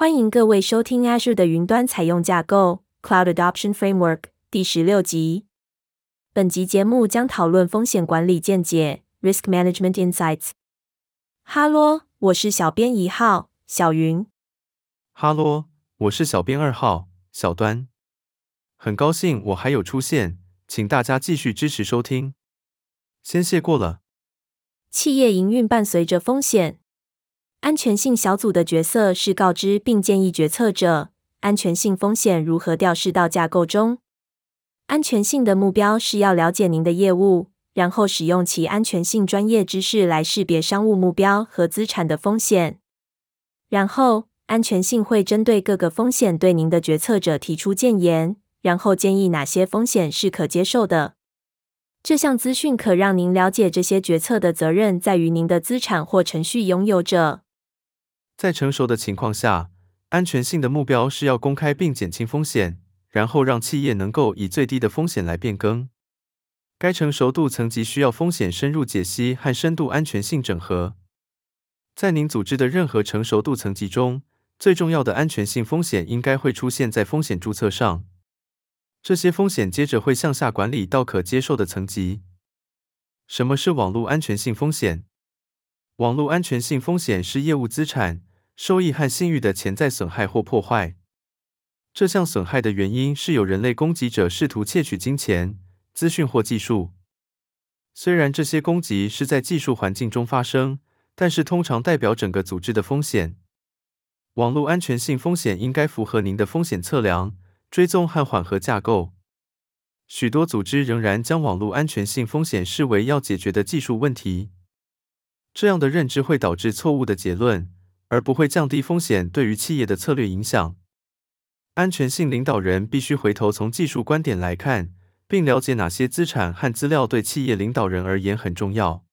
歡迎各位收聽 Azure 的雲端採用架構 Cloud Adoption Framework 第十六集。本集節目將討論風險管理見解 Risk Management Insights。哈嘍，我是小編一號，小雲。哈嘍，我是小編二號，小端。很高興我還有出現，請大家繼續支持收聽，先謝過了。企業營運伴隨着風險。安全性小組的角色是告知並建議決策者安全性風險如何調試到架構中。安全性的目標是要了解您的業務，然後使用其安全性專業知識來識別商務目標和資產的風險。然後，安全性會針對各個風險對您的決策者提出建言，然後建議哪些風險是可接受的。這項資訊可讓您了解這些決策的責任在於您的資產或程序擁有者。在成熟的情況下，安全性的目標是要公開並減輕風險，然後讓企業能夠以最低的風險來變更。該成熟度層級需要風險深入解析和深度安全性整合。在您組織的任何成熟度層級中，最重要的安全性風險應該會出現在風險註冊上。這些風險接着會向下管理到可接受的層級。什麼是網絡安全性風險？網絡安全性風險是業務資產。收益和信譽的潛在損害或破壞。這項損害的原因是有人類攻擊者試圖竊取金錢、資訊或技術。雖然這些攻擊是在技術環境中發生，但是通常代表整個組織的風險。網絡安全性風險應該符合您的風險測量、追蹤和緩和架構。許多組織仍然將網絡安全性風險視為要解決的技術問題。這樣的認知會導致錯誤的結論。而不會降低風險對於企業的策略影響。安全性領導人必須回頭從技術觀點來看，並了解哪些資產和資料對企業領導人而言很重要。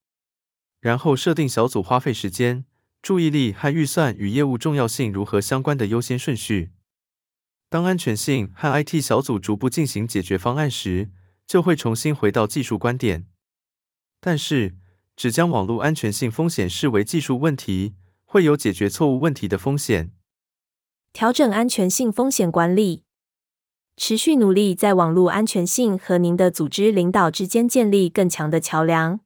然後，設定小組花費時間、注意力和預算與業務重要性如何相關的優先順序。當安全性和 IT 小組逐步進行解決方案時，就會重新回到技術觀點。但是，只將網絡安全性風險視為技術問題，會有解決錯誤問題的風險。調整安全性風險管理，持續努力在網絡安全性和您的組織領導之間建立更強的橋樑。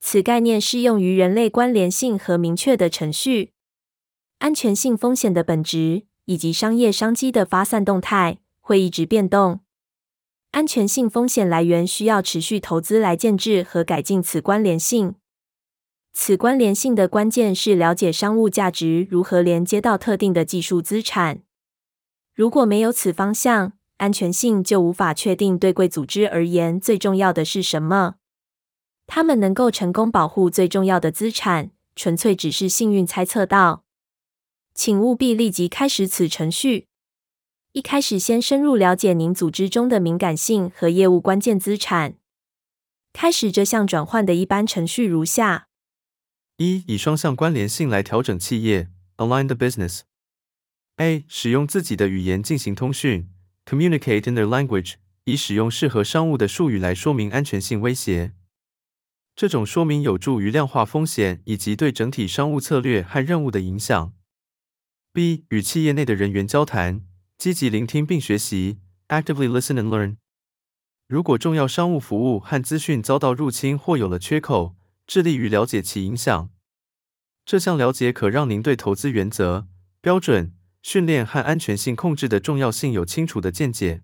此概念適用於人類關聯性和明確的程序。安全性風險的本質以及商業商機的發散動態會一直變動。安全性風險來源需要持續投資來建制和改進此關聯性。此關聯性的關鍵是了解商務價值如何連接到特定的技術資產。如果沒有此方向，安全性就無法確定對貴組織而言，最重要的是什麼。他們能夠成功保護最重要的資產，純粹只是幸運猜測到。請務必立即開始此程序。一開始，先深入了解您組織中的敏感性和業務關鍵資產。開始這項轉換的一般程序如下。一以雙向關聯性來調整企業，align the business。a 使用自己的語言進行通訊，communicate in their language，以使用適合商務的術語來說明安全性威脅。這種說明有助於量化風險以及對整體商務策略和任務的影響。b 與企業內的人員交談，積極聆聽並學習，actively listen and learn。如果重要商務服務和資訊遭到入侵或有了缺口。致力於了解其影響。這項了解可讓您對投資原則、標準、訓練和安全性控制的重要性有清楚的見解。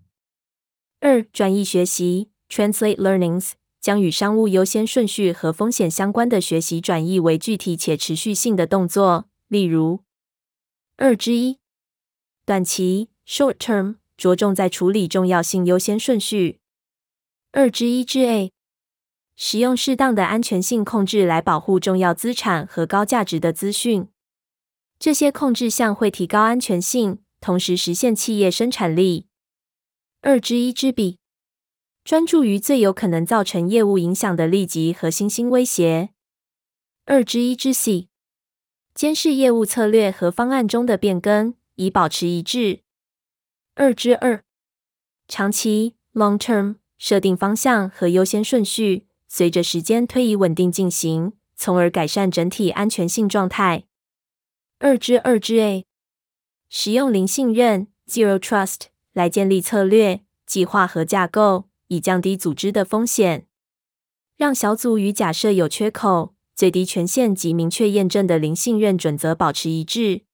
二、轉譯學習 （Translate Learnings） 將與商務優先順序和風險相關的學習轉譯為具體且持續性的動作，例如二之一，短期 （Short Term） 着重在處理重要性優先順序。二之一之 A。使用適當的安全性控制來保護重要資產和高價值的資訊。這些控制項會提高安全性，同時實現企業生產力。二之一之 b，專注於最有可能造成業務影響的立即和新興威脅。二之一之 c，監視業務策略和方案中的變更，以保持一致。二之二，長期 （long term） 設定方向和優先順序。隨着時間推移，穩定進行，從而改善整體安全性狀態。二之二之 A 使用零信任 （Zero Trust） 來建立策略、計劃和架構，以降低組織的風險。讓小組與假設有缺口、最低權限及明確驗證的零信任準則保持一致。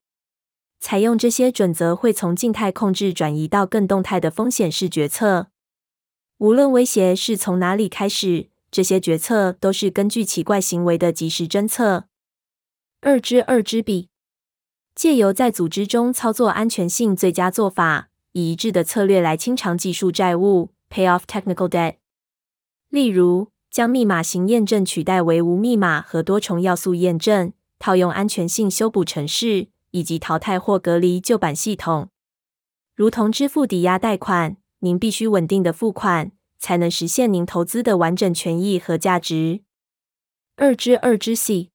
採用這些準則會從靜態控制轉移到更動態的風險式決策。無論威脅是從哪裡開始。這些決策都是根據奇怪行為的即時偵測。二支二支筆，借由在組織中操作安全性最佳做法，以一致的策略來清償技術債務 （pay off technical debt）。例如，將密碼型驗證取代為無密碼和多重要素驗證，套用安全性修補程式，以及淘汰或隔離舊版系統。如同支付抵押貸款，您必須穩定的付款。才能實現您投資的完整權益和價值。二之二之 C，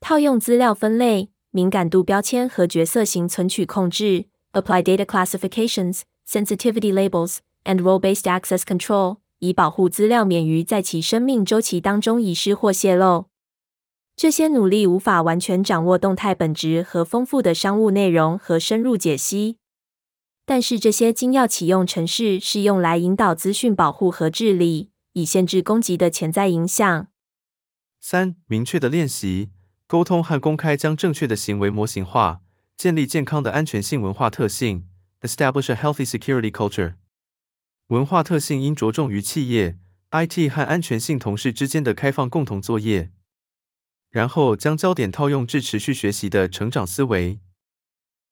套用資料分類、敏感度標籤和角色型存取控制 （apply data classifications, sensitivity labels, and role-based access control） 以保護資料免於在其生命周期當中遺失或泄露。這些努力無法完全掌握動態本質和豐富的商務內容和深入解析。但是這些經要啟用程式是用來引導資訊保護和治理，以限制攻擊的潛在影響。三、明確的練習、溝通和公開將正確的行為模型化，建立健康的安全性文化特性。Establish a healthy security culture。文化特性應着重於企業、IT 和安全性同事之間的開放共同作業，然後將焦點套用至持續學習的成長思維，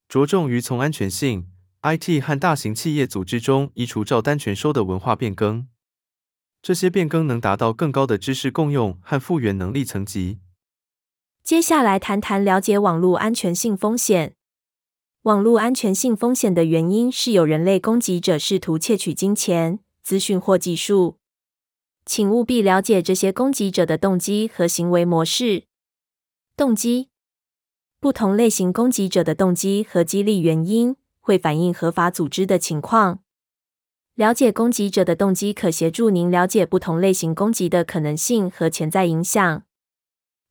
着重於從安全性。IT 和大型企業組織中移除照單全收的文化變更，這些變更能達到更高的知識共用和復原能力層級。接下來談談了解網絡安全性風險。網絡安全性風險的原因是有人類攻擊者試圖竊取金錢、資訊或技術。請務必了解這些攻擊者的動機和行為模式。動機，不同類型攻擊者的動機和激勵原因。會反映合法組織的情況。了解攻擊者的動機可協助您了解不同類型攻擊的可能性和潛在影響。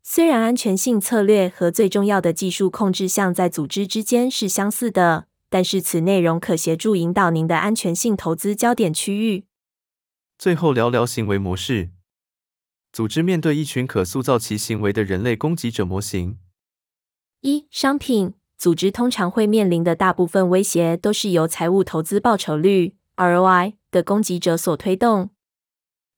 雖然安全性策略和最重要的技術控制項在組織之間是相似的，但是此內容可協助引導您的安全性投資焦點區域。最後聊聊行為模式，組織面對一群可塑造其行為的人類攻擊者模型。一、商品。組織通常會面臨的大部分威脅，都是由財務投資報酬率 （ROI） 的攻擊者所推動。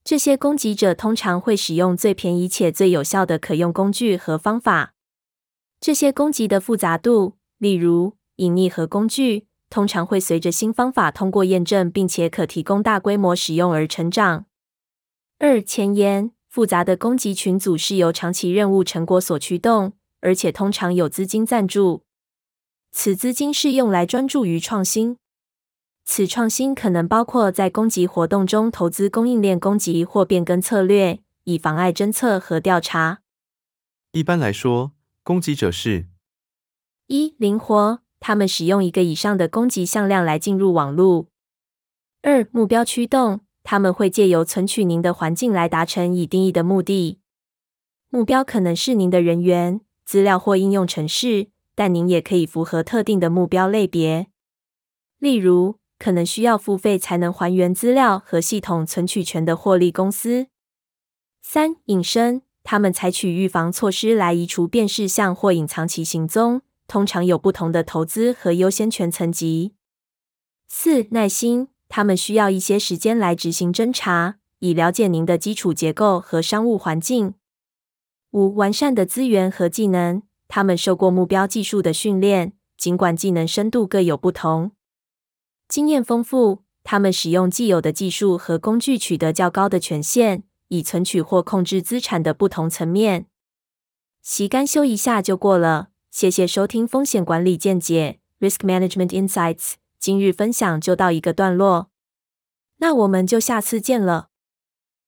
這些攻擊者通常會使用最便宜且最有效的可用工具和方法。這些攻擊的複雜度，例如隱匿和工具，通常會隨着新方法通過驗證並且可提供大規模使用而成長。二、前言：複雜的攻擊群組是由長期任務成果所驅動，而且通常有資金贊助。此資金是用來專注於創新。此創新可能包括在攻擊活動中投資供應鏈攻擊或變更策略，以妨礙偵測和調查。一般來說，攻擊者是：一、靈活，他們使用一個以上的攻擊向量來進入網絡；二、目標驅動，他們會借由存取您的環境來達成已定義的目的。目標可能是您的人員、資料或應用程式。但您也可以符合特定的目標類別，例如可能需要付費才能還原資料和系統存取權的獲利公司。三、隱身，他們採取預防措施來移除辨識項或隱藏其行蹤，通常有不同的投資和優先權層級。四、耐心，他們需要一些時間來執行偵查，以了解您的基礎結構和商務環境。五、完善的資源和技能。他們受過目標技術的訓練，儘管技能深度各有不同，經驗豐富。他們使用既有的技術和工具，取得較高的權限，以存取或控制資產的不同層面。習幹修一下就過了，謝謝收聽風險管理見解 （Risk Management Insights）。今日分享就到一個段落，那我們就下次見了。